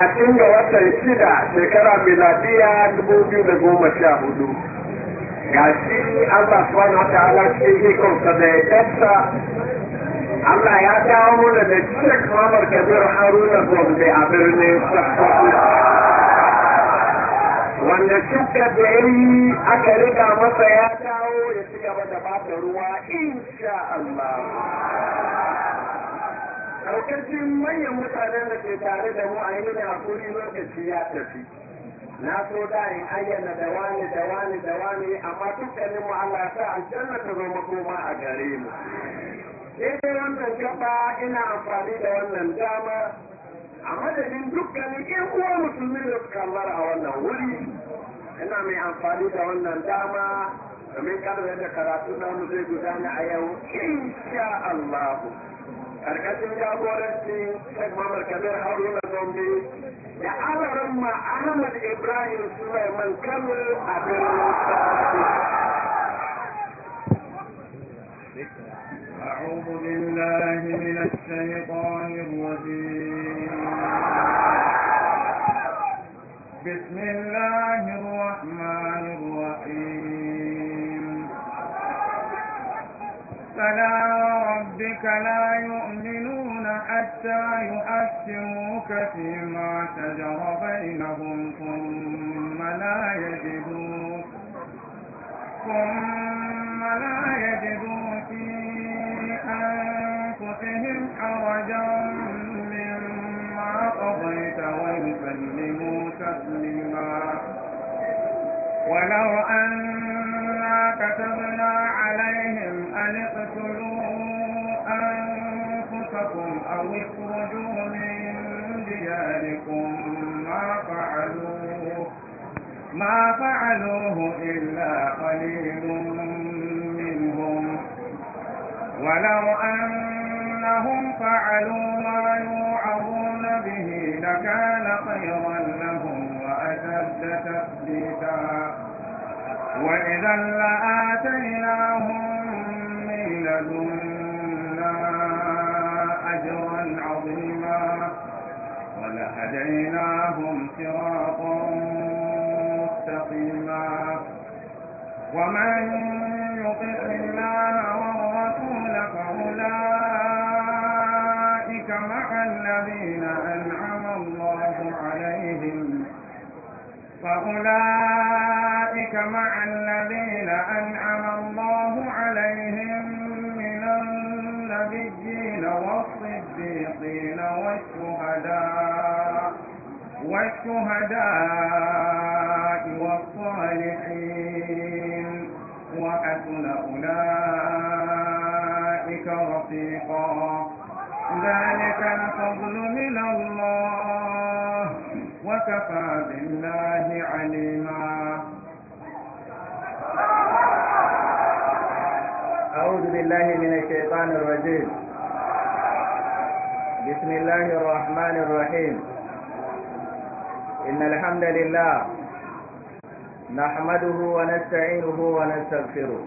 cikin ga watan shida shekara miladiya dubu biyu da goma sha hudu. Ga shi Allah subhanahu wata ta'ala cikin ikonsa da ya tafsa Allah ya dawo mana da cikin kamar Kabir Haruna Gombe a birnin Sokoto. Wanda suka da ya yi aka riga masa ya dawo ya ci gaba da bata ruwa insha Allah. ɗaukacin manyan mutanen da ke tare da mu a yi da hakuri lokaci ya tafi na so da in ayyana da wani da wani da wani amma dukkanin mu Allah sa aljanna ta zo makoma a gare mu daidai wannan gaba ina amfani da wannan dama a madadin dukkanin ƴan uwa musulmi da suka a wannan wuri ina mai amfani da wannan dama domin karfe da karatu na mu zai gudana a yau insha Allah karkashin jagoranci Sheikh Muhammad Kabir Haruna Gombe da alaran ma Ahmad Ibrahim Sulaiman Kano a birnin أعوذ بالله من الشيطان الرجيم بسم الله الرحمن الرحيم فلا ربك لا يؤمن حتى يحكموك فيما شجر بينهم ثم لا يجدوا ثم لا يجدوا في أنفسهم حرجا مما قضيت ويسلموا تسليما ولو أنا كتبنا عليهم أن اقتلوا أن دينكم أو اخرجوا من دياركم ما فعلوه ما فعلوه إلا قليل منهم ولو أنهم فعلوا ما يوعظون به لكان خيرا لهم وأشد تثبيتا وإذا لآتيناهم من لدن ومن يطع الله والرسول فأولئك مع الذين أنعم الله عليهم فأولئك مع الذين أنعم الله عليهم من النبيين والصديقين والشهداء والشهداء يكون أولئك رفيقا ذلك الفضل من الله وكفى بالله عليما أعوذ بالله من الشيطان الرجيم بسم الله الرحمن الرحيم إن الحمد لله نحمده ونستعينه ونستغفره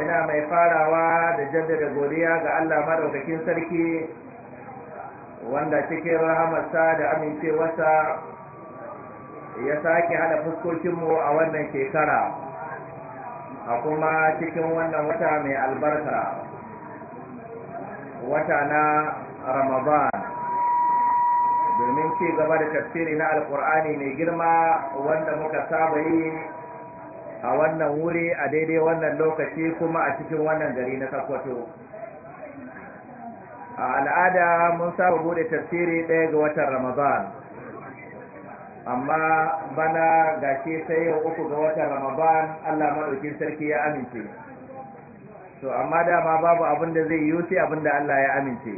ina mai farawa da jaddada godiya ga Allah madaukakin sarki wanda cikin rahamarsa da amincewarsa ya sake hada fuskokinmu a wannan shekara a kuma cikin wannan wata mai albarka wata na ramadan domin ci gaba da tafsiri na alkur'ani mai girma wanda muka saba yi a wannan wuri a daidai wannan lokaci kuma a cikin wannan gari na Sokoto a al'ada mun saba bude tafsiri ɗaya ga watan Ramadan amma bana gashi sai yau uku ga watan Ramadan Allah maɗaukin sarki ya amince to amma dama babu abin da zai yi sai abin da Allah ya amince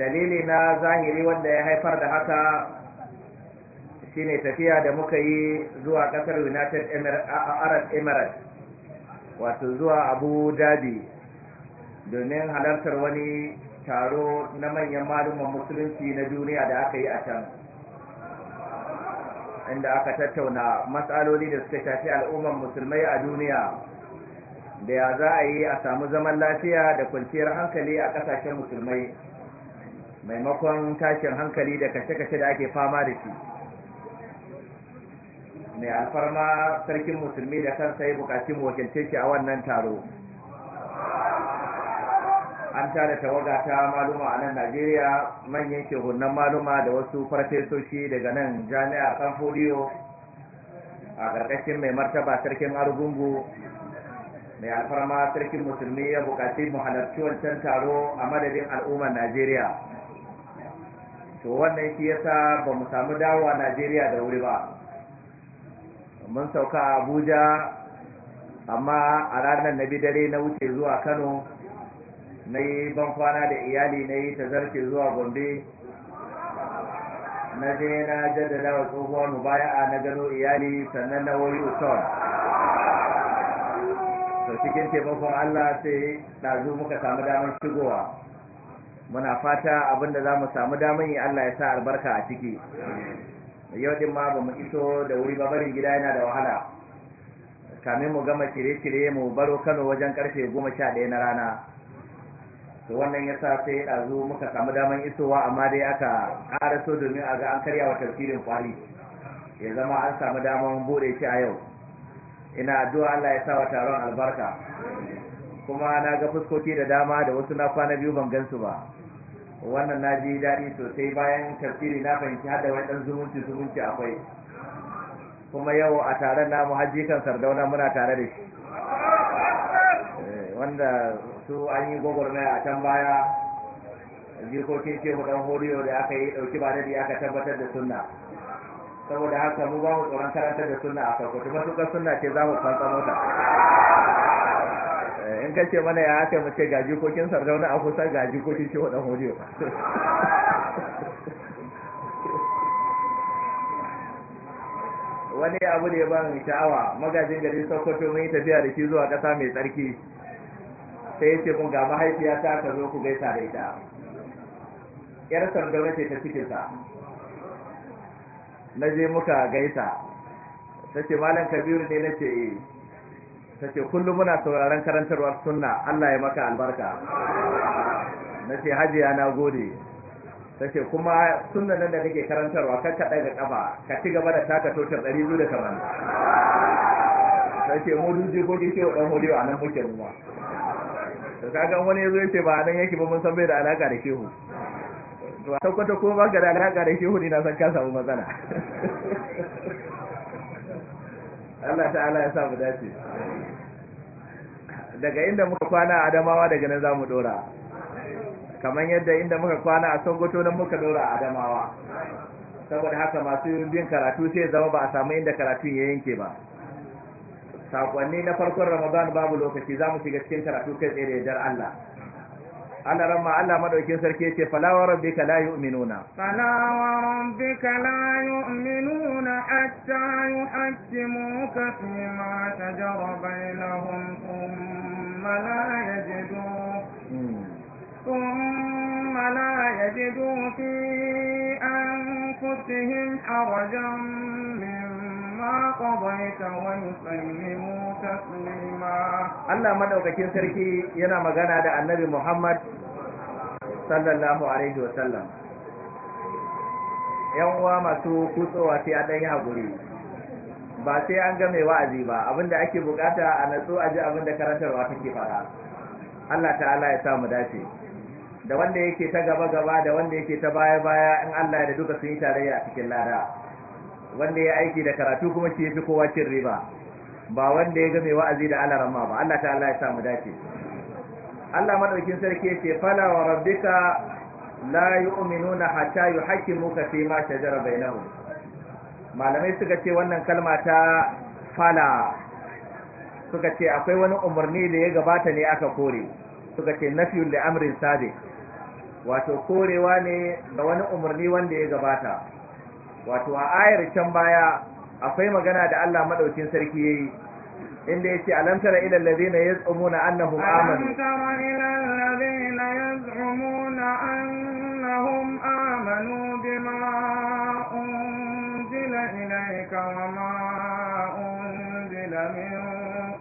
dalili na zahiri wanda ya haifar da haka shine tafiya da muka yi zuwa kasar united arab emirates wato zuwa abu dhabi domin halartar wani taro na manyan malaman musulunci na duniya da aka yi a can inda aka tattauna matsaloli da suka shafi al'umman musulmai a duniya da ya za a yi a samu zaman lafiya da kwanciyar hankali a ƙasashen musulmai maimakon tashin hankali da kashe-kashe da ake fama da shi mai alfarma sarkin musulmi da kansa ya bukaci mu wakilce shi a wannan taro an tada tawaga ta maluma a nan najeriya manyan shehunan maluma da wasu farfesoshi daga nan jami'a kan foliyo a ƙarƙashin mai martaba sarkin argungu mai alfarma sarkin musulmi ya bukaci mu halarci wancan taro a madadin al'ummar najeriya to wannan shi yasa ba mu samu dawowa najeriya da wuri ba mun sauka a abuja amma a ranar na dare na wuce zuwa kano na yi bankwana da iyali na yi tazarci zuwa gombe na je na jaddada wa tsohuwar mubaya'a na gano iyali sannan na wani uton da cikin taimakon allah sai ɗazu muka samu damar shigowa muna fata abinda za mu samu damar yi allah ya sa albarka a ciki yau din ma ba mu iso da wuri ba barin gida yana da wahala kamin mu gama shirye-shirye mu baro kano wajen karfe goma sha ɗaya na rana to wannan ya sa sai ɗazu muka samu daman isowa amma dai aka ƙaraso domin a ga an karya wa tafsirin kwari ya zama an samu daman buɗe shi a yau ina addu'a Allah ya sa wa taron albarka kuma na ga fuskoki da dama da wasu na kwana biyu ban gansu ba wannan na ji daɗi sosai bayan tafsiri na fahimci har da wani ɗan zumunci zumunci akwai kuma yau a taron namu hajikan kan sardauna muna tare da shi eh, wanda su an yi gwagwarmaya a can baya jikokin ce mu ɗan horiyo da aka yi ɗauki ba daɗi aka tabbatar da sunna saboda haka mu ba mu tsoron karantar da sunna a farko matuƙar sunna ce za mu kwanta mota in ka ce mana ya haka mace ga jikokin sardauna a kusa ga jikokin shi wadan hodiyo wani abu ne ya ban sha'awa magajin gari sokoto mun yi tafiya da shi zuwa ƙasa mai tsarki sai yace ce mun ga mahaifiya ta ka zo ku gaisa da ita yar sardauna ce ta cikinsa na je muka gaisa sace ce malam kabiru ne na eh tace kullum muna sauraron karantarwar sunna Allah ya maka albarka nace hajiya na gode tace kuma sunna nan da kake karantarwa kar ka daga kafa ka ci gaba da taka totar 280 tace mu duje ko kike da hodiyo a nan muke ruwa to kaga wani yazo yace ba nan yake ba mun san bai da alaka da shehu to a tabbata ko ba ga da alaka da shehu ne na san ka samu matsala Allah ta'ala ya sa mu dace daga inda muka kwana a Adamawa daga nan zamu dora kamar yadda inda muka kwana a Sokoto nan muka dora a Adamawa saboda haka masu bin karatu sai zama ba a samu inda karatun ya yanke ba Saƙonni na farkon Ramadan babu lokaci zamu shiga cikin karatu kai tsaye da Allah Allah ramma Allah madaukin sarki yace fala wa rabbika la yu'minuna fala wa rabbika la yu'minuna hatta yuhaqqimuka fima tajara bainahum thumma la yajidu ثم لا يجدوا في أنفسهم حرجا من ما قضيت ويسلموا تسليما الله مدوكاكين سركي ينا مغانا دا النبي محمد صلى الله عليه وسلم yan uwa masu kutsowa sai a ɗan yi haƙuri ba sai an ga mai wa'azi ba abinda ake bukata a natsu a ji abinda karantarwa take fara Allah ta'ala ya samu dace da wanda yake ta gaba gaba da wanda yake ta baya baya in Allah da duka sun yi tarayya a cikin lada wanda ya aiki da karatu kuma shi yafi kowa cin riba ba wanda ya ga mai wa'azi da Allah ramma ba Allah ta Allah ya samu dace Allah madaukin sarki yace fala wa rabbika la yu'minuna hatta yuhaqqimuka fi ma shajara bainahum malamai suka ce wannan kalma ta fala suka ce akwai wani umarni da ya gabata ne aka kore suka ce nafiyul li amrin sabiq wato korewa ne ga wani umarni wanda ya gabata wato a ayar can baya akwai magana da Allah madaukin sarki yayi inda yace alam tara ila alladhina yaz'umuna annahum amanu alam tara ila alladhina yaz'umuna annahum amanu bima unzila ilayka wama unzila min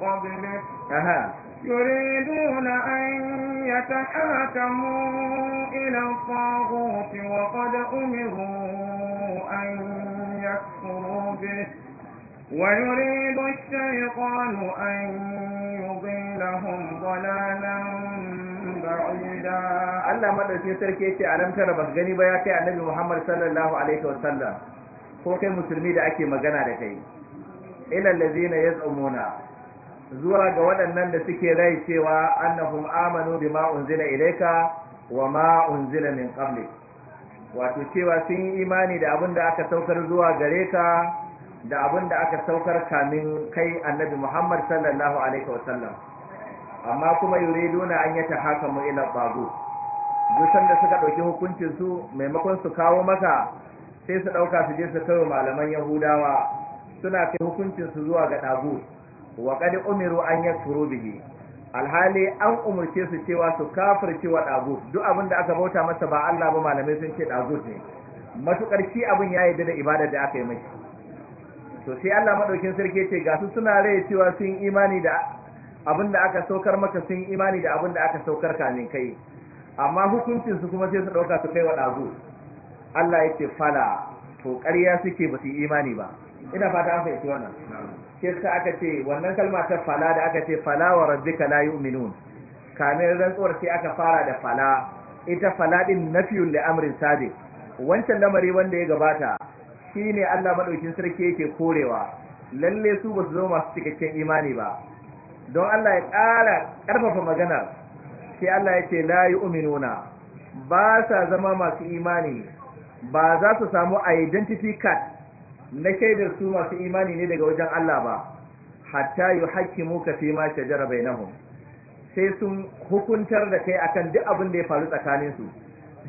qablik aha يريدون أن يتحاكموا إلى الطاغوت وقد أمروا أن يكفروا به ويريد الشيطان أن يضلهم ضلالا بعيدا الله مدرسين سركيتي ألم ترى بس gani ba ya kai annabi Muhammad sallallahu alaihi wasallam ko kai musulmi da ake magana da kai ila allazina yaz'umuna zuwa ga waɗannan da suke rai cewa annahum amanu bima unzila ilayka wa ma unzila min qabli wato cewa sun yi imani da abin da aka saukar zuwa gare ka da abin da aka saukar kamin kai annabi Muhammad sallallahu alaihi wa sallam, amma kuma yuriduna an yata hakamu ila babu dusan da suka dauki hukuncin su maimakon su kawo maka sai su dauka su je su kawo malaman Yahudawa suna kai hukuncin su zuwa ga dagu wa qad umiru an yakfuru bihi alhali an umurce su cewa su kafirce wa dagut duk abin da aka bauta masa ba Allah ba malamai sun ce dagut ne matukar shi abin ya yarda da ibada da aka yi mashi to sai Allah madaukin sarki ce ga su suna rai cewa sun imani da abin da aka saukar maka sun imani da abin da aka saukar ka ne kai amma hukuncin su kuma sai su dauka su kai wa dazu Allah yake fala to ƙarya suke ba su imani ba ina fata an fahimci wannan ke yasa aka ce wannan kalma ta fala da aka ce fala wa rabbika la yu'minun kamin rantsuwar sai aka fara da fala ita fala din nafiyun li amrin sabiq wancan lamari wanda ya gabata shine Allah madaukin sarki yake korewa lalle su ba su zo masu cikakken imani ba don Allah ya ƙara ƙarfafa magana, sai Allah ya ce la yu'minuna ba sa zama masu imani ba za su samu identity card na shaidar su masu imani ne daga wajen Allah ba hatta muka fi ma shajara bainahum sai sun hukuntar da kai akan duk abin da ya faru tsakanin su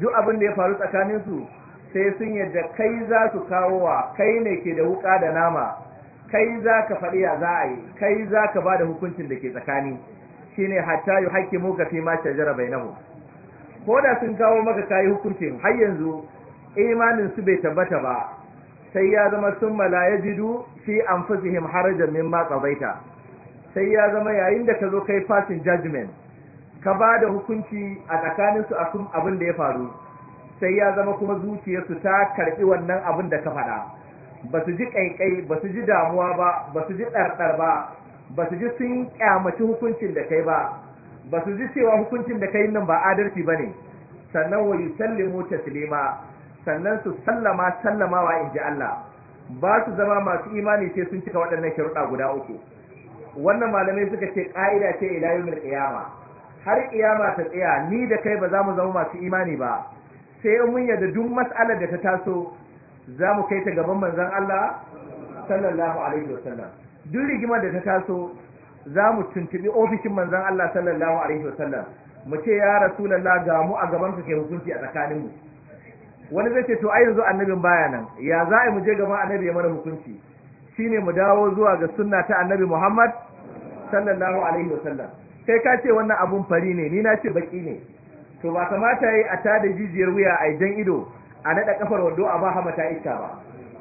duk abin da ya faru tsakanin su sai sun yadda kai za su kawo wa kai ne ke da wuka da nama kai za ka faɗi ya za a yi kai za ka ba da hukuncin da ke tsakani shine hatta muka fi ma shajara bainahum ko da sun kawo maka kayi hukuncin har yanzu imanin su bai tabbata ba sai ya zama sun mala ya jidu fi harajar min ma tsabaita sai ya zama yayin da ka zo kai Fasin judgment ka ba da hukunci a tsakaninsu a kun abin da ya faru sai ya zama kuma zuciyarsu ta karɓi wannan abin da ka faɗa ba su ji ƙaiƙai ba su ji damuwa ba ba su ji ɗarɗar ba ba su ji sun ƙyamaci hukuncin da kai ba ba su ji cewa hukuncin da kai nan ba adalci ba ne sannan wa yusallimu taslima sannan su sallama sallamawa in ji Allah ba su zama masu imani sai sun cika waɗannan sharuɗa guda uku wannan malamai suka ce ƙa'ida ce ila yau qiyama har ƙiyama ta tsaya ni da kai ba za mu zama masu imani ba sai mun yarda duk mas'alar da ta taso za mu kai ta gaban manzon Allah sallallahu alaihi wasallam duk rigimar da ta taso za mu tuntubi ofishin manzon Allah sallallahu alaihi wasallam mu ce ya rasulullah ga mu a gaban ka ke hukunci a tsakaninmu wani zai ce to a yanzu annabin baya nan ya za a mu je gaban annabi ya mana hukunci ne mu dawo zuwa ga sunna ta annabi Muhammad sallallahu alaihi wasallam kai ka ce wannan abun fari ne ni na ce baki ne to ba kamata yi a da jijiyar wuya a jan ido a nada kafar wando a ba Hama ta iska ba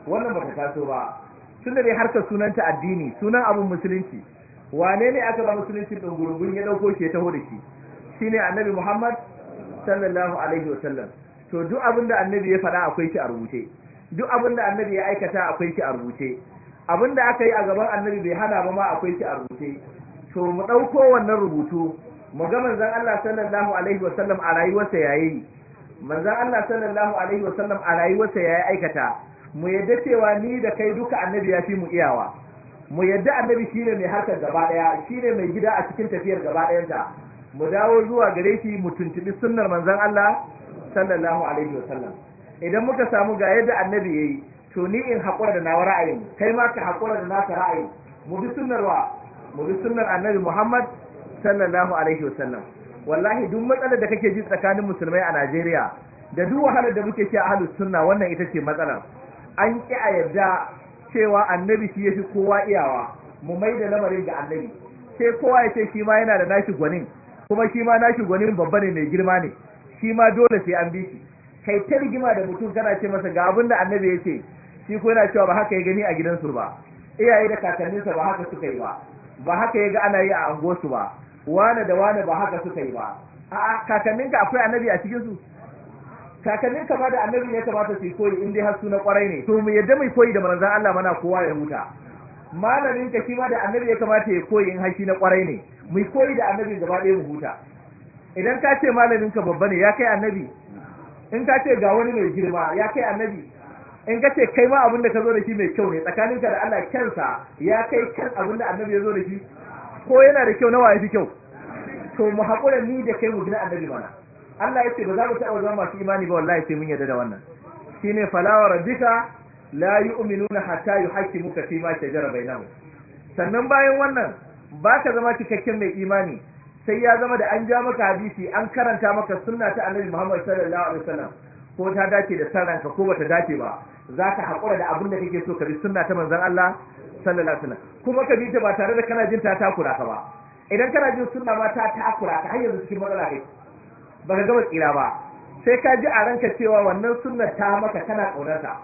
wannan baka taso ba da dai harkar sunanta addini sunan abun musulunci wane ne aka ba musulunci din gurgun ya dauko shi ya taho da shi shine annabi Muhammad sallallahu alaihi wasallam to duk abin da annabi ya faɗa akwai shi a rubuce duk abin da annabi ya aikata akwai shi a rubuce abin da aka yi a gaban annabi bai hana ba ma akwai shi a rubuce to mu ɗauko wannan rubutu mu ga manzon Allah sallallahu alaihi wa sallam a rayuwarsa yayi manzon Allah sallallahu alaihi wa sallam a rayuwarsa yayi aikata mu yadda cewa ni da kai duka annabi ya fi mu iyawa mu yadda annabi shine mai harkar gaba daya shine mai gida a cikin tafiyar gaba dayanta mu dawo zuwa gare shi mu tuntubi sunnar manzon Allah sallallahu alaihi wa sallam idan muka samu ga yadda annabi yayi to ni in hakura da nawa ra'ayin kai ma ka haƙura da naka ra'ayin mu bi sunnar mu bi sunnar annabi Muhammad sallallahu alaihi wa sallam wallahi duk matsalar da kake ji tsakanin musulmai a Najeriya da duk wahalar da muke ci a ahlus sunna wannan ita ce matsalar an ki a yarda cewa annabi shi yafi kowa iyawa mu mai da lamarin ga annabi sai kowa ya ce shi ma yana da nashi gwanin kuma shi ma nashi gwanin babba ne mai girma ne shi ma dole sai an bi shi kai ta rigima da mutum kana ce masa ga abin da annabi ya ce shi ko yana cewa ba haka ya gani a gidansu ba iyaye da kakanninsa ba haka suka yi ba ba haka ya ga ana yi a angosu ba wane da wane ba haka suka yi ba a'a kakanninka akwai annabi a cikin su kakannin ba da annabi ne kamata su koyi in dai har na kwarai ne to mu yadda mai koyi da manzon Allah mana kowa ya huta malamin shi ma da annabi ya kamata ya koyi in haki na kwarai ne mu koyi da annabi gaba ɗaya mu huta idan ka ce malamin babba ne ya kai annabi in ka ce ga wani mai girma ya kai annabi in ka ce kai ma abinda ka zo da shi mai kyau ne tsakaninka da Allah kansa ya kai kan abin annabi ya zo da shi ko yana da kyau nawa yafi fi kyau to mu haƙura ni da kai mu gina annabi mana Allah ya ce ba za mu taɓa zama masu imani ba wallahi sai mun yarda da wannan shine falawa rabbika la yu'minuna hatta yuhaqqimuka fi ma shajara bainahum sannan bayan wannan ba ka zama cikakken mai imani sai ya zama da an ja maka hadisi an karanta maka sunna ta annabi Muhammad sallallahu alaihi wasallam ko ta dace da sarranka ko bata dace ba zaka hakura da abin da kake so ka bi sunna ta manzon Allah sallallahu alaihi wasallam kuma ka bi ta ba tare da kana jin ta takura ka ba idan kana jin sunna ma ta takura ka har yanzu cikin matsala ba baka gama tsira ba sai ka ji a ranka cewa wannan sunnar ta maka kana kaunarta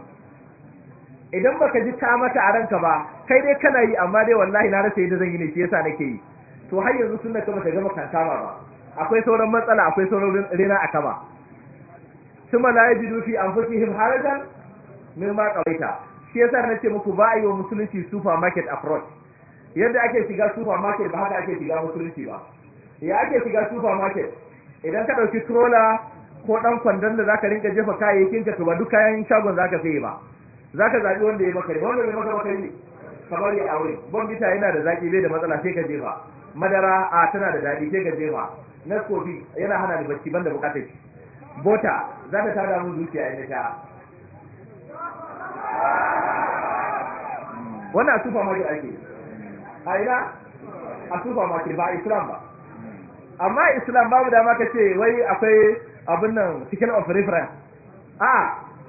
idan baka ji ta mata a ranka ba kai dai kana yi amma dai wallahi na rasa yadda zan yi ne shi yasa nake yi to har yanzu sun ka gama kankama ba akwai sauran matsala akwai sauran rina a kama kuma la an fi anfusihim harajan ma kawaita shi yasa na ce muku ba yi wa musulunci supermarket approach yadda ake shiga supermarket ba haka ake shiga musulunci ba ya ake shiga supermarket idan ka dauki trola ko dan kwandon da zaka rinka jefa kayayyakin ka ba duk kayan shagon zaka sai ba zaka zabi wanda ya maka wanda ya maka maka ne kamar ya aure bombita yana da zaki bai da matsala sai ka jefa madara a tana da daɗi sai gajewa na kofi yana hana ni bacci banda bukata shi bota za ta tada mun zuciya in ta wannan a supermarket ake a ina a supermarket ba islam ba amma islam babu dama ka ce wai akwai abin nan cikin of reference a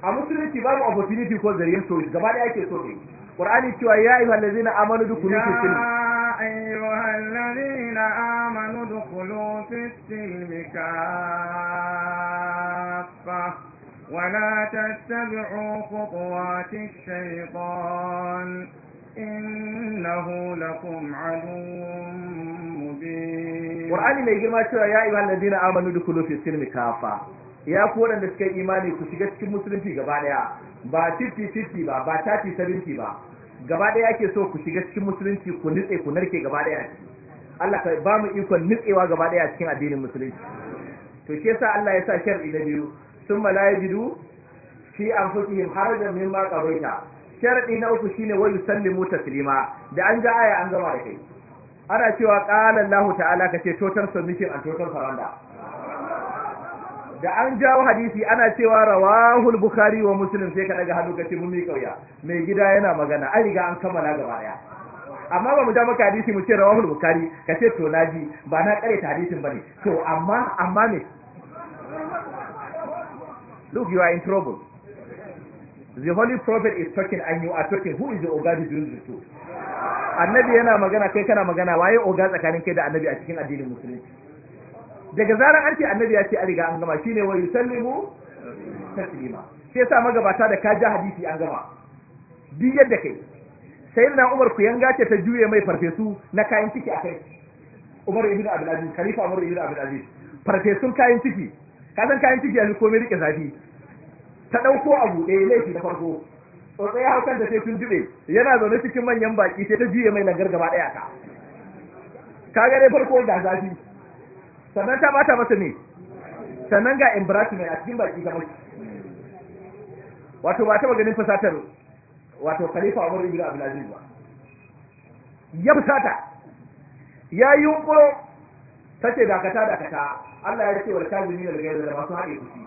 a musulunci babu opportunity ko zariyar so gaba da ake so ne qur'ani cewa ya ayyuhallazina amanu dukulu fi silm أيها الذين آمنوا ادخلوا في السلم كافة ولا تتبعوا خطوات الشيطان إنه لكم عدو مبين قرآن ما يجمع يا أيها الذين آمنوا ادخلوا في السلم كافة ya ku waɗanda suka yi imani ku shiga cikin musulunci gaba ɗaya ba titi titi ba ba tati sabinti ba gaba ɗaya ake so ku shiga cikin musulunci ku nitse ku narke gaba ɗaya Allah ka ba mu ikon nitsewa gaba cikin addinin musulunci to shi yasa Allah ya sa shar'i na biyu sun mala yajidu fi anfusihim harajan mimma qabaita shar'i na uku shine wa yusallimu taslima da an ga aya an gama da kai ana cewa qala Allah ta'ala kace total submission a total surrender da an jawo hadisi ana cewa rawahul bukhari wa muslim sai ka daga hannu ka ce mun mi kauya mai gida yana magana an riga an kammala gaba daya amma ba mu ja maka hadisi mu ce rawahul bukhari ka ce to naji ba na kare ta hadisin bane to amma amma ne look you are in trouble the holy prophet is talking and you are talking who is the oga between the to annabi yana magana kai kana magana waye oga tsakanin kai da annabi a cikin addinin musulunci daga zarar an ce annabi ya ce a riga an gama shine wa yusallimu taslima sai yasa magabata da ka hadisi an gama duk yadda kai sayyidina Umar ku yanga ce ta juye mai farfesu na kayan ciki a kai Umar ibn Abdul Aziz Khalifa Umar ibn Abdul Aziz farfesun kayan ciki ka san kayan ciki yanzu komai rike zafi ta dauko a ɗaya laifi na farko tsotsai ya haukan da sai sun jube yana zaune cikin manyan baki sai ta juye mai langar gaba ɗaya ka ka ga dai farko da zafi sannan ta bata masa ne sannan ga mai a cikin baki gaba wato ba ta ganin fasatar wato khalifa Umar ibn Abdul Aziz ba ya fusata ya yi yunkuro sace dakata dakata Allah ya ce wa kazimin al ghayr da masu haɗe kuci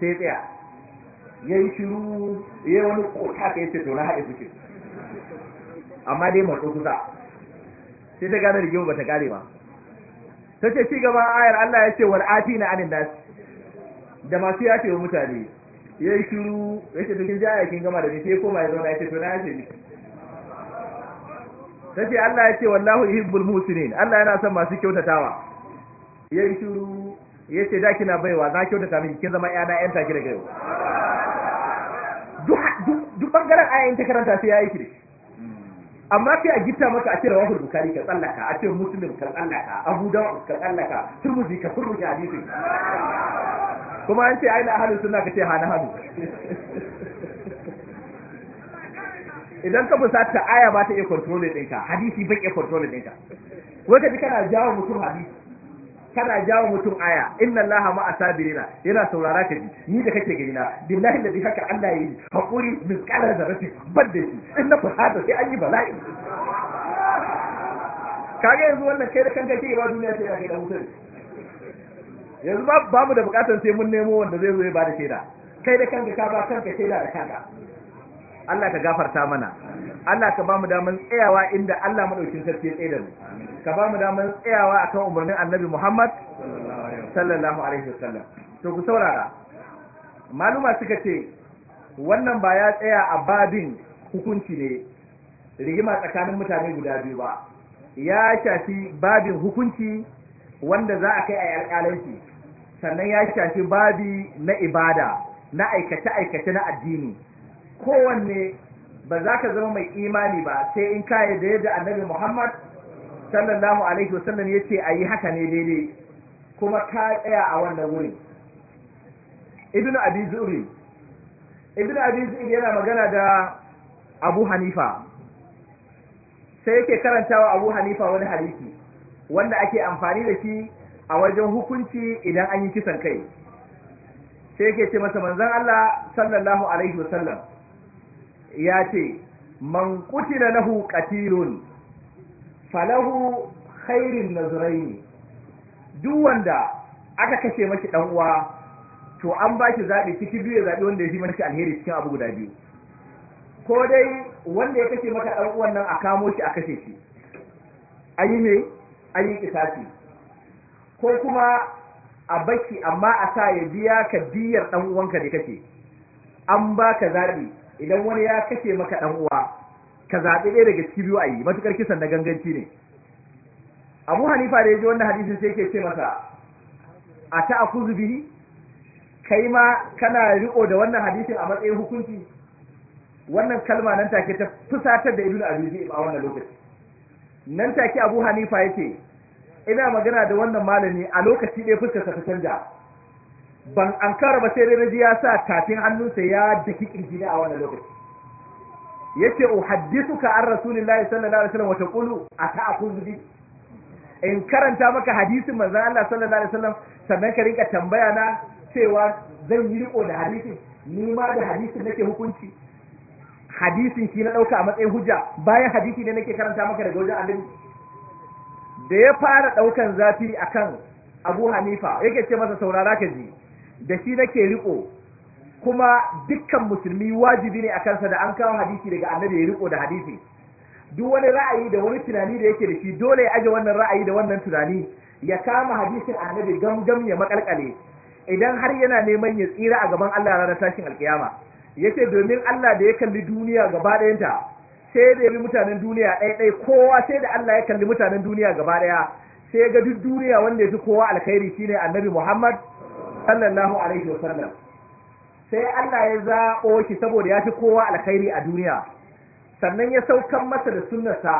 sai tsaya ya yi shiru ya yi wani kota ka yace to na haɗe kuci amma dai mai kusa sai ta gane rigima bata kare ba ta ce ci ayar Allah ya ce wal atina anin nas da masu yafe wa mutane ya yi shiru ya ce tukin jaya kin gama da ni sai koma ya zauna ya ce to na yace ta ce Allah ya ce wallahu yuhibbul muhsinin Allah yana son masu kyautatawa ya yi shiru ya ce da kina baiwa za ki kyautata miki kin zama yana yan take da gaiwa duk bangaren ayan ta karanta sai ya yi kirishi amma sai a gita maka a ce rawahul bukari ka tsallaka a ce muslim ka tsallaka abu dawud ka tsallaka turmuzi ka furruke hadisi. kuma an ce aina ahlus sunna ka ce hana hanu idan ka fusata aya ba ta iya control ɗinka hadisi bai iya control ɗinka wai ka ji kana jawo mutum hadisi kana jawo mutum aya inna allaha ma'a sabirina yana saurara ka ji ni da kake gani na billahi da haka Allah yi hakuri miskala da rafi ban da shi in na fahada sai an yi bala'i kage yanzu wannan kai da kanka ke ba duniya sai kai da mutum yanzu ba mu da bukatar sai mun nemo wanda zai zo ya bada shaida kai da kanka ka ba kanka shaida da kanka Allah ka gafarta mana Allah ka bamu daman tsayawa inda Allah madaukin sarki ya tsaye da mu ka bamu daman tsayawa akan umarnin Annabi Muhammad sallallahu alaihi wasallam to ku saurara maluma suka ce wannan ba ya tsaya a babin hukunci ne rigima tsakanin mutane guda biyu ba ya shafi babin hukunci wanda za a kai a alƙalanci sannan ya shafi babi na ibada na aikace-aikace na addini kowanne ba za ka zama mai imani ba sai in ka da yadda annabi Muhammad sallallahu alaihi wasallam ya ce a yi haka ne daidai kuma ka tsaya a wannan wurin ibn abi zuri ibn abi zuri yana magana da abu hanifa sai yake karantawa abu hanifa wani hadisi wanda ake amfani da shi a wajen hukunci idan an yi kisan kai sai yake ce masa manzon Allah sallallahu alaihi wasallam ya ce man kutila lahu katilun, falahu khairin ne. duk wanda aka kashe mashi dan uwa to an ba ki zabi cikin biyu zabi wanda ya fi mashi alheri cikin abu guda biyu ko dai wanda ya kashe maka dan uwan nan a kamo shi a kashe shi ayi ne ayi kisasi ko kuma a baki amma a sa ya biya ka diyar dan uwanka da kake an baka zabi idan wani ya kashe maka dan uwa ka zaɓi ɗaya daga cikin biyu a yi matukar kisan na ganganci ne abu hanifa da ya ji wannan hadisin sai yake ce masa a ta akuzu bihi kai ma kana riko da wannan hadisin a matsayin hukunci wannan kalma nan take ta fusatar da ibnu abi a wannan lokaci nan take abu hanifa yake ina magana da wannan malami a lokaci ɗaya fuskar ta canja ban an ba sai dai naji ya sa tafin hannunsa ya daki kirji a wannan lokaci yace uhaddithuka an rasulullahi sallallahu alaihi wasallam wa taqulu ata'khudhu bi in karanta maka hadisin manzon Allah sallallahu alaihi wasallam sannan ka rinka tambaya na cewa zan yi riko da hadisin ni ma da hadisin nake hukunci hadisin ki na dauka a matsayin hujja bayan hadisi ne nake karanta maka daga wajen annabi da ya fara daukan zafi akan Abu Hanifa yake ce masa saurara ka ji da shi nake riko kuma dukkan musulmi wajibi ne a kansa da an kawo hadisi daga annabi ya riko da hadisi duk wani ra'ayi da wani tunani da yake da shi dole ya aje wannan ra'ayi da wannan tunani ya kama hadisin annabi gamgam ya makalkale idan har yana neman ya tsira a gaban Allah ranar tashin alkiyama yace domin Allah da ya kalli duniya gaba ɗayanta sai da ya bi mutanen duniya ɗaya ɗaya kowa sai da Allah ya kalli mutanen duniya gaba ɗaya sai ga duk duniya wanda ya fi kowa alkhairi shine annabi Muhammad sallallahu alaihi wasallam sai Allah ya zaɓo shi saboda ya fi kowa alkhairi a duniya sannan ya saukan masa da sunnarsa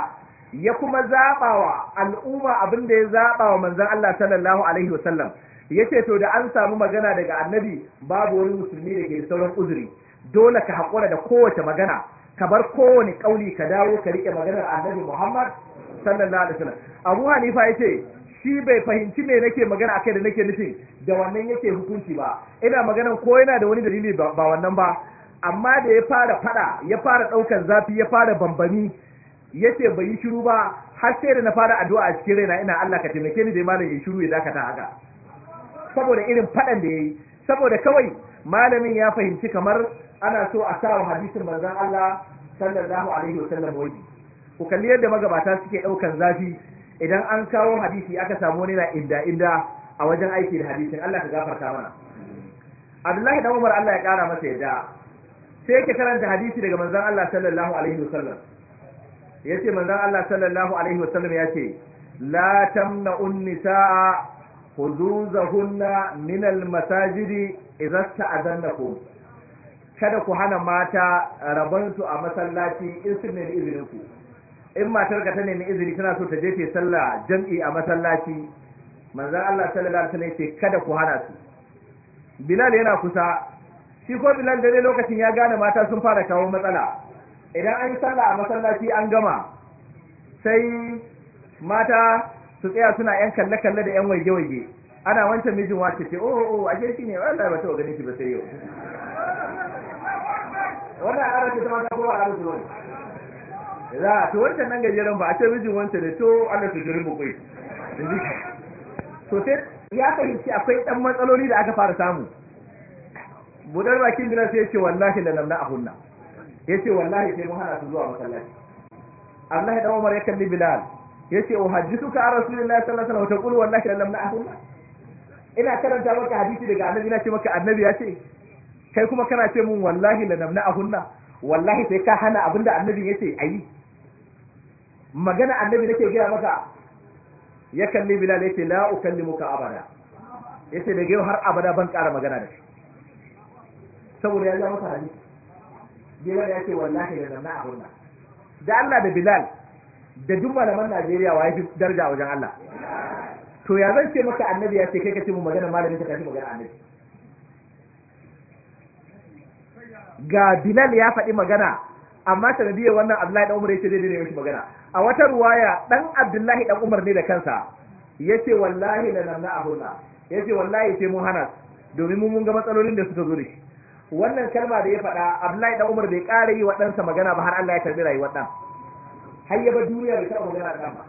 ya kuma zaɓa wa al'umma abin da ya zaɓa wa manzan Allah sallallahu alaihi wasallam ce to da an samu magana daga annabi babu wani musulmi da ke sauran uzuri dole ka haƙura da kowace magana ka bar kowane ƙauli ka dawo ka riƙe maganar annabi Muhammad sallallahu alaihi wasallam Abu Hanifa ya ce. shi bai fahimci me nake magana akai da nake nufin da wannan yake hukunci ba ina magana ko yana da wani dalili ba wannan ba amma da ya fara fada ya fara daukan zafi ya fara bambami yace bai yi shiru ba har sai da na fara addu'a a cikin raina ina Allah ka taimake ni da malamin ya shiru ya dakata haka saboda irin fadan da yayi saboda kawai malamin ya fahimci kamar ana so a sa hadisin manzon Allah sallallahu alaihi wasallam waje ku kalli yadda magabata suke daukan zafi idan an kawo hadisi aka samu wani na inda inda a wajen aiki da hadisin Allah ka gafarta mana Abdullahi da Umar Allah ya kara masa yadda sai yake karanta hadisi daga manzon Allah sallallahu alaihi wasallam yace manzon Allah sallallahu alaihi wasallam yace la tamna'un nisaa huzuzahunna min almasajidi idza sta'adannakum kada ku hana mata rabansu a masallaci in sun ne izinin ku in matar ka ta nemi izini tana so ta je ta sallah jam'i a masallaci manzon Allah sallallahu alaihi wasallam ce kada ku hana su Bilal yana kusa shi ko Bilal dare lokacin ya gane mata sun fara kawo matsala idan an yi sallah a masallaci an gama sai mata su tsaya suna yan kalle-kalle da yan waje waje ana wancan mijin wace ce oh oh, oh ashe shi ne wallahi ba ta gani ki ba sai yau wannan arabi ta mata ko arabi ne za a ce wancan nan gajeren ba a ce mijin wancan da to Allah su jiri bukwai to sai ya fahimci akwai dan matsaloli da aka fara samu budar bakin gina sai ya ce wallahi da lamna hunna ya ce wallahi sai mun hana su zuwa masallaci Allah da Umar ya kalli Bilal ya ce uhajjituka an rasulillahi sallallahu alaihi wasallam ta kulu wallahi da lamna hunna ina karanta maka hadisi daga annabi na ce maka annabi ya ce kai kuma kana ce mun wallahi lamna namna hunna wallahi sai ka hana abinda annabin ce, ayi magana annabi nake gaya maka ya kalli bilal yace la ukallimuka abada yace daga yau har abada ban kara magana da shi saboda ya ja masa hadisi bilal yace wallahi da zanna a nan da Allah da bilal da duk malaman Najeriya wa yafi daraja a wajen Allah to ya zan ce maka annabi ya ce kai ka ce mu magana malamin ka ci magana annabi ga bilal ya faɗi magana amma sanadiyar wannan Abdullahi dan Umar yace zai daina mishi magana a wata ruwaya dan Abdullahi dan Umar ne da kansa yace wallahi la namna ahuna yace wallahi sai mun hana domin mun ga matsalolin da suka zo da shi wannan kalma da ya faɗa Abdullahi dan Umar bai ƙara yi wa ɗansa magana ba har Allah ya tarbi rayuwar ɗan har ya ba duniya bai taɓa magana da ɗan ba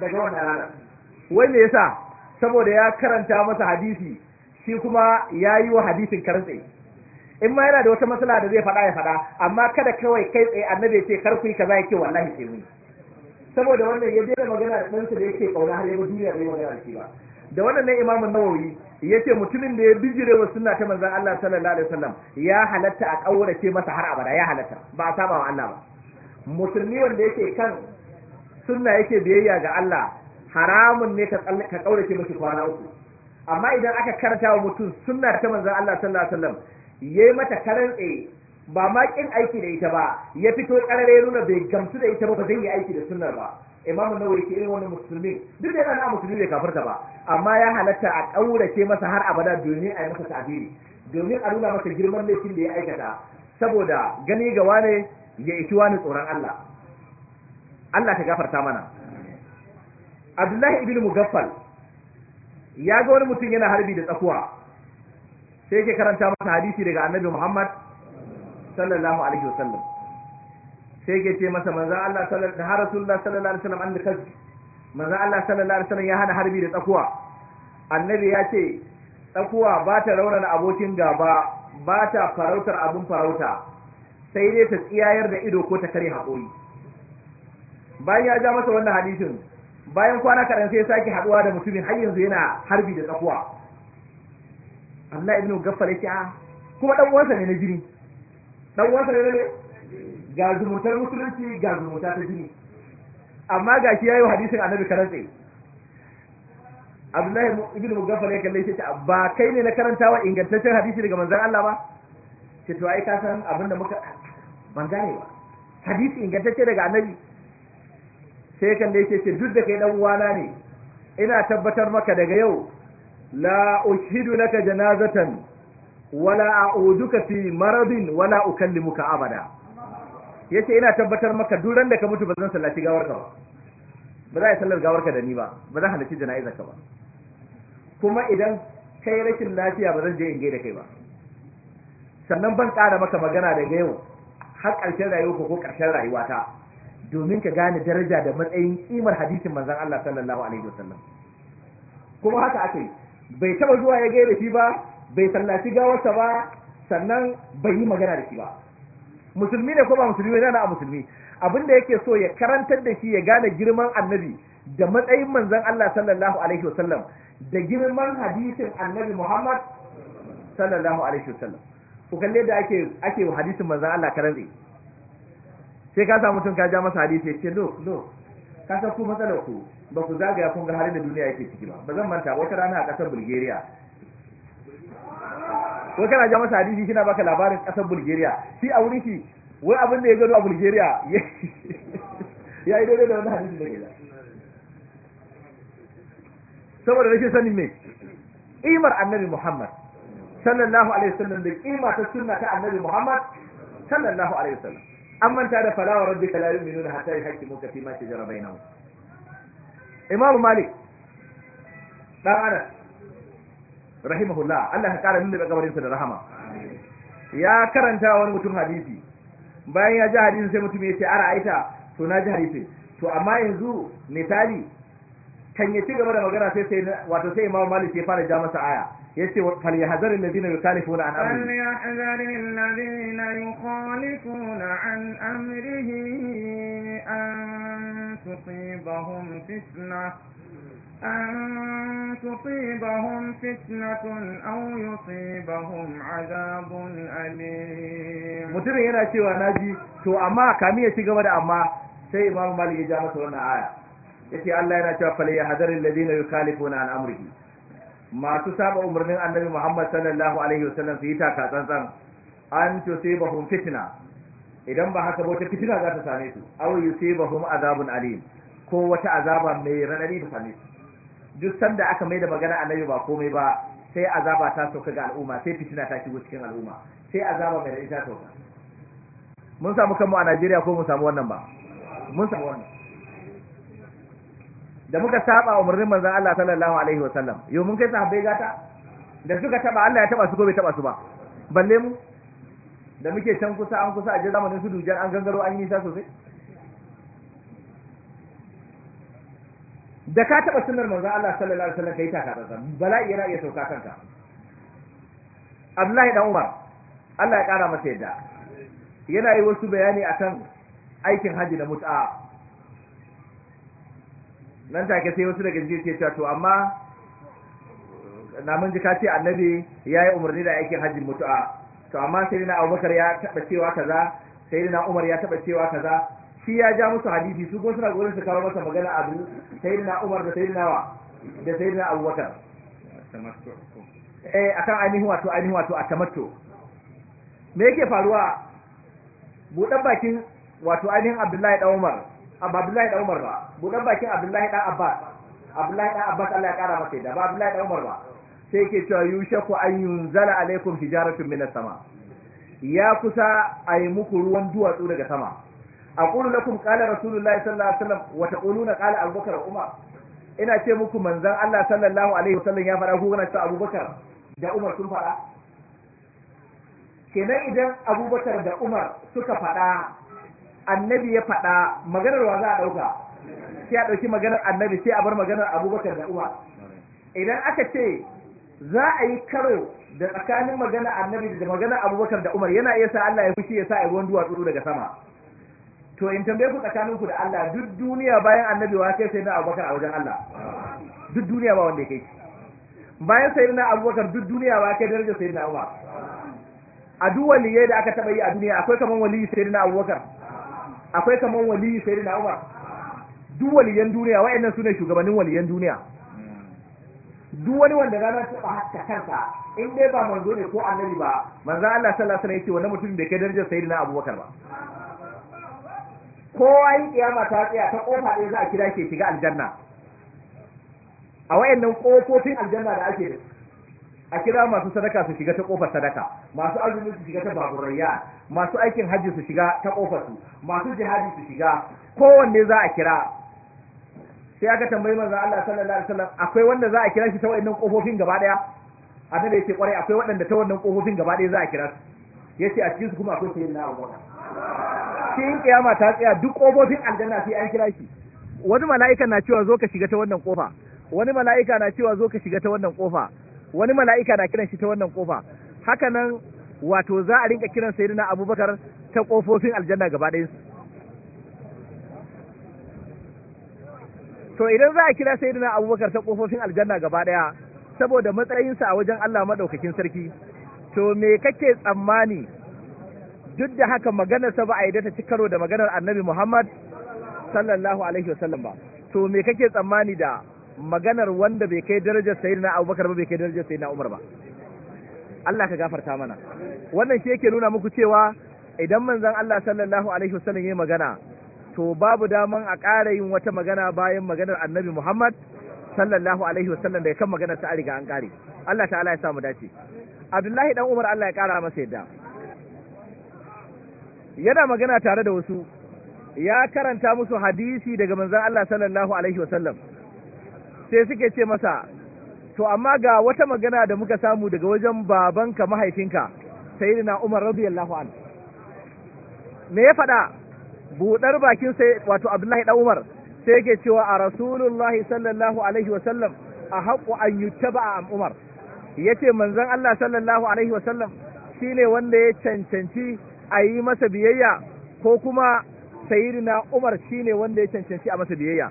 daga wannan ranar wai me yasa saboda ya karanta masa hadisi shi kuma ya yi wa hadisin karantse in ma yana da wata matsala da zai faɗa ya fada amma kada kawai kai tsaye annabi ce karfi ka yi ke wallahi ke mu saboda wannan ya daina magana da ɗansa da yake kauna har yau duniya bai magana da shi ba da wannan nan imamun nawawi ya ce mutumin da ya bijire wa sunna ta manzan Allah sallallahu alaihi wasallam ya halatta a ƙaurace masa har abada ya halatta ba a saba wa Allah ba musulmi wanda yake kan sunna yake biyayya ga Allah haramun ne ka ka ƙaurace masa kwana uku amma idan aka karanta wa mutum sunna ta manzan Allah sallallahu alaihi wasallam yayi mata karan tsaye ba ma kin aiki da ita ba ya fito karare nuna bai gamsu da ita ba ba zai yi aiki da sunnar ba imam nawawi ke irin wani musulmi duk da yana musulmi bai kafarta ba amma ya halatta a kaurace masa har abada domin a yi masa ta'abiri domin a nuna masa girman laifin da ya aikata saboda gani ga wane ya ishi wani tsoron Allah Allah ta gafarta mana Abdullahi ibn Mugaffal ya ga wani mutum yana harbi da tsakuwa sai yake karanta masa hadisi daga annabi Muhammad sallallahu alaihi wasallam sai yake ce masa manzo Allah sallallahu alaihi Rasulullah sallallahu alaihi wasallam annabi kaji manzo Allah sallallahu alaihi wasallam ya hada harbi da tsakuwa annabi ya ce tsakuwa ba ta raunana abokin gaba ba ta farautar abin farauta sai dai ta tsiyayar da ido ko ta kare haƙori bayan ya ja masa wannan hadisin bayan kwana kaɗan sai ya sake haɗuwa da mutumin har yanzu yana harbi da tsakuwa Allah ibn Gaffar yake a ah, kuma dan uwansa ne na jini dan uwansa ne ne ga zumutar musulunci ga zumunta ta jini amma ga shi yayi hadisin annabi karanta Abdullahi ibn Gaffar yake kalle shi ta ba kai ne na karanta wa ingantaccen hadisi daga manzon Allah ba ce to ai ka san abin da muka ban gane ba hadisi ingantacce daga annabi sai ya kalle shi ce duk da kai dan uwana ne ina tabbatar maka daga yau la ushidu laka janazatan wala a'uduka fi maradin wala ukallimuka abada yace ina tabbatar maka duk ran ka mutu ba zan sallaci gawarka ba ba za a sallar gawarka da ni ba ba zan halarci jana'izarka ba kuma idan kai rashin lafiya ba zan je in da kai ba sannan ban ƙara maka magana daga yau har ƙarshen rayuwarka ko ƙarshen rayuwata domin ka gane daraja da matsayin ƙimar hadisin manzon Allah sallallahu alaihi wasallam kuma haka aka yi bai taba zuwa ya gaida shi ba bai sallaci gawarsa ba sannan bai yi magana da shi ba musulmi ne ko ba musulmi ne na musulmi abin da yake so ya karantar da shi ya gane girman annabi da matsayin manzon Allah sallallahu alaihi wasallam da girman hadisin annabi Muhammad sallallahu alaihi wasallam ku kalle da ake ake hadisin manzon Allah karantsi sai ka samu mutum ka ja masa hadisi ya ce no ka san ku matsalar ku ba ku zagaya kun ga halin da duniya yake ciki ba ba zan manta wata rana a ƙasar bulgaria wai kana ja masa hadisi kina baka labarin ƙasar bulgaria shi a wurin shi wai abin da ya gano a bulgaria ya yi daidai da wani hadisi da gida saboda rashin sanin me imar annabi muhammad sallallahu alaihi wasallam da kima ta sunna ta annabi muhammad sallallahu alaihi wasallam an manta da falawa rabbika la yu'minuna hatta yuhaqqimuka fi ma shajara bainahum imamu malik dan anas rahimahullah Allah ya kara nuna sa da rahama ya karanta wani mutum hadisi bayan ya ji hadisi sai mutum ya ce ara aita to na ji hadisi to amma yanzu misali kan ya ci gaba da magana sai sai wato sai imamu malik ya fara ja masa aya yace fal yahzar alladhina yukhalifuna an amrihi fal alladhina yukhalifuna an amrihi an تصيبهم yana cewa naji to amma kami ya ci gaba da amma sai Imam Malik ya ja masa wannan aya ce Allah yana cewa fal yahdaril ladina yukhalifuna an amrihi masu saba umarnin Annabi Muhammad sallallahu alaihi wasallam su yi taka tsantsan an tusibahum fitina. idan ba haka ba wata fitina za ta same su aw yusibahum azabun alim ko wata azaba mai radadi ta same su duk sanda aka mai da magana annabi ba komai ba sai azaba ta sauka ga al'umma sai fitina ta shigo cikin al'umma sai azaba mai radadi ta sauka mun samu kanmu a Najeriya ko mun samu wannan ba mun samu wannan da muka saba umarnin manzon Allah sallallahu alaihi wa sallam yo mun kai sahabbai gata da suka taba Allah ya taba su ko bai taba su ba balle mu da muke can kusa an kusa a je zamanin su dujan an gangaro an yi nisa sosai da ka taɓa sunar manzon Allah sallallahu alaihi wasallam kai taka bala'i yana iya sauka kanka Abdullahi dan Umar Allah ya kara masa yadda yana yi wasu bayani akan aikin haji da mut'a nan take sai wasu daga cikin ce to amma na mun ji ka ce annabi yayi umarni da aikin haji mut'a to amma sai na abubakar ya taɓa cewa kaza sai na umar ya taɓa cewa kaza shi ya ja musu hadisi su kuma suna gurin su kawo masa magana a sai na umar da sai na wa da sai na abubakar eh akan ainihin wato ainihin wato a tamatto me yake faruwa buɗan bakin wato ainihin abdullahi dan umar abba abdullahi dan umar ba buɗan bakin abdullahi dan abbas abdullahi dan abbas Allah ya kara masa da ba abdullahi dan umar ba sai ke cewa yushaku an yunzala alaikum hijaratun minas sama ya kusa a yi muku ruwan duwatsu daga sama A aqulu lakum qala rasulullahi sallallahu alaihi wasallam ƙulu na ƙala abubakar umar ina ce muku Manzan Allah sallallahu alaihi wasallam ya fara ku ta abubakar da umar sun fara kenan idan abubakar da umar suka fada annabi ya fada maganar wa za a ɗauka sai a ɗauki maganar annabi sai a bar maganar abubakar da umar idan aka ce za a yi karo da tsakanin magana annabi da magana abubakar da umar yana iya sa Allah ya fushi ya sa a ruwan duwatsu daga sama to in tambaye ku tsakanin ku da Allah duk duniya bayan annabi wa kai sai na abubakar a wajen Allah duk duniya ba wanda ya kai bayan sai na abubakar duk duniya ba kai darajar sai na umar a duk waliye da aka taba yi a duniya akwai kaman waliyi sai na abubakar akwai kaman waliyi sai na umar duk waliyan duniya wa'annan sune shugabannin waliyan duniya duk wani wanda rana ta haska kanta, in dai ba manzo ne ko annabi ba manzo Allah sallallahu alaihi wasallam wannan mutum da ke darajar sayyidina Abubakar ba kowa yi kiyama ta tsaya ta kofa ɗaya za a kira ke shiga aljanna a wayannan kofofin aljanna da ake da a kira masu sadaka su shiga ta kofar sadaka masu azumi su shiga ta baburayya masu aikin hajji su shiga ta kofar su masu jihadi su shiga kowanne za a kira sai aka tambayi manzo Allah sallallahu alaihi wasallam akwai wanda za a kira shi ta waɗannan kofofin gaba daya annabi yake kware akwai waɗanda ta wannan kofofin gaba daya za a kira su yace a cikin su kuma akwai sayyidina Abu Bakar cikin kiyama ta tsaya duk kofofin aljanna sai an kira shi wani mala'ika na cewa zo ka shiga ta wannan kofa wani mala'ika na cewa zo ka shiga ta wannan kofa wani mala'ika na kiran shi ta wannan kofa haka nan wato za a rinka kiran sayyidina Abubakar ta kofofin aljanna gaba daya su to idan za a kira sayyidina abubakar ta kofofin aljanna gaba daya saboda matsayinsa a wajen Allah maɗaukakin sarki to me kake tsammani duk da haka sa ba a yi ta ci karo da maganar annabi Muhammad sallallahu alaihi wasallam ba to me kake tsammani da maganar wanda bai kai darajar sayyidina abubakar ba bai kai darajar sayyidina umar ba Allah ka gafarta mana wannan shi yake nuna muku cewa idan manzon Allah sallallahu alaihi wasallam yayi magana to babu daman a ƙara yin wata magana bayan maganar annabi Muhammad sallallahu alaihi wasallam da ya kan maganar ta riga an ƙare Allah ta'ala ya samu dace Abdullahi dan Umar Allah ya ƙara masa yadda yana magana tare da wasu ya karanta musu hadisi daga manzon Allah sallallahu alaihi wasallam sai suke ce masa to amma ga wata magana da muka samu daga wajen babanka mahaifinka sayyidina Umar radiyallahu anhu me ya faɗa budar bakin sai wato Abdullahi dan Umar sai yake cewa a Rasulullahi sallallahu alaihi wa sallam a haƙu an yutaba am Umar yace manzon Allah sallallahu alaihi wa sallam shine wanda ya cancanci a yi masa biyayya ko kuma sayyidina Umar shine wanda ya cancanci a masa biyayya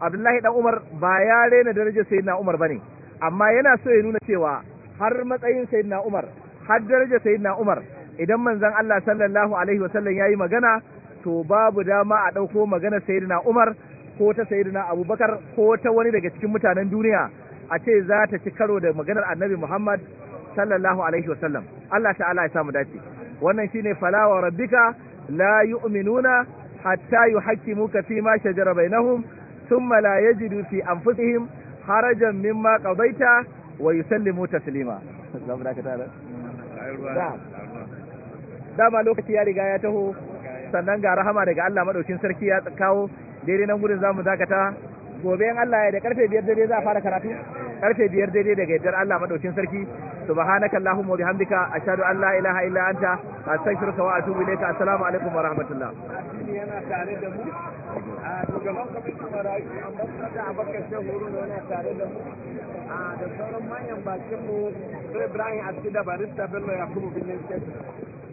Abdullahi dan Umar ba ya rena darajar sayyidina Umar bane amma yana so ya nuna cewa har matsayin sayyidina Umar har darajar sayyidina Umar idan manzon Allah sallallahu alaihi wa sallam yayi magana to babu dama a ɗauko maganar sayyidina Umar ko ta sayyidina Abubakar ko ta wani daga cikin mutanen duniya a ce za ta ci karo da maganar Annabi Muhammad sallallahu alaihi wasallam Allah ta'ala ya samu dace wannan shine falawa, rabbika la yu'minuna hatta muka fi ma shajara bainahum thumma la yajidu fi anfusihim harajan mimma qadaita wa yusallimu taslima dama lokaci ya riga ya taho sannan ga rahama daga Allah madaukin sarki ya kawo daidai nan gudun zamu dakata gobe in Allah ya da karfe biyar daidai za a fara karatu karfe biyar daidai daga yaddar Allah madaukin sarki subhanaka allahumma bihamdika ashhadu an la ilaha illa anta astaghfiruka wa atubu ilayka assalamu alaikum wa rahmatullah yana tare da mu a ah, shugaban kwamitin marayu amma da abakar shehu yana tare da mu a ah, da sauran manyan bakin mu Ibrahim Asida Barista Bello Yakubu Binin Kesu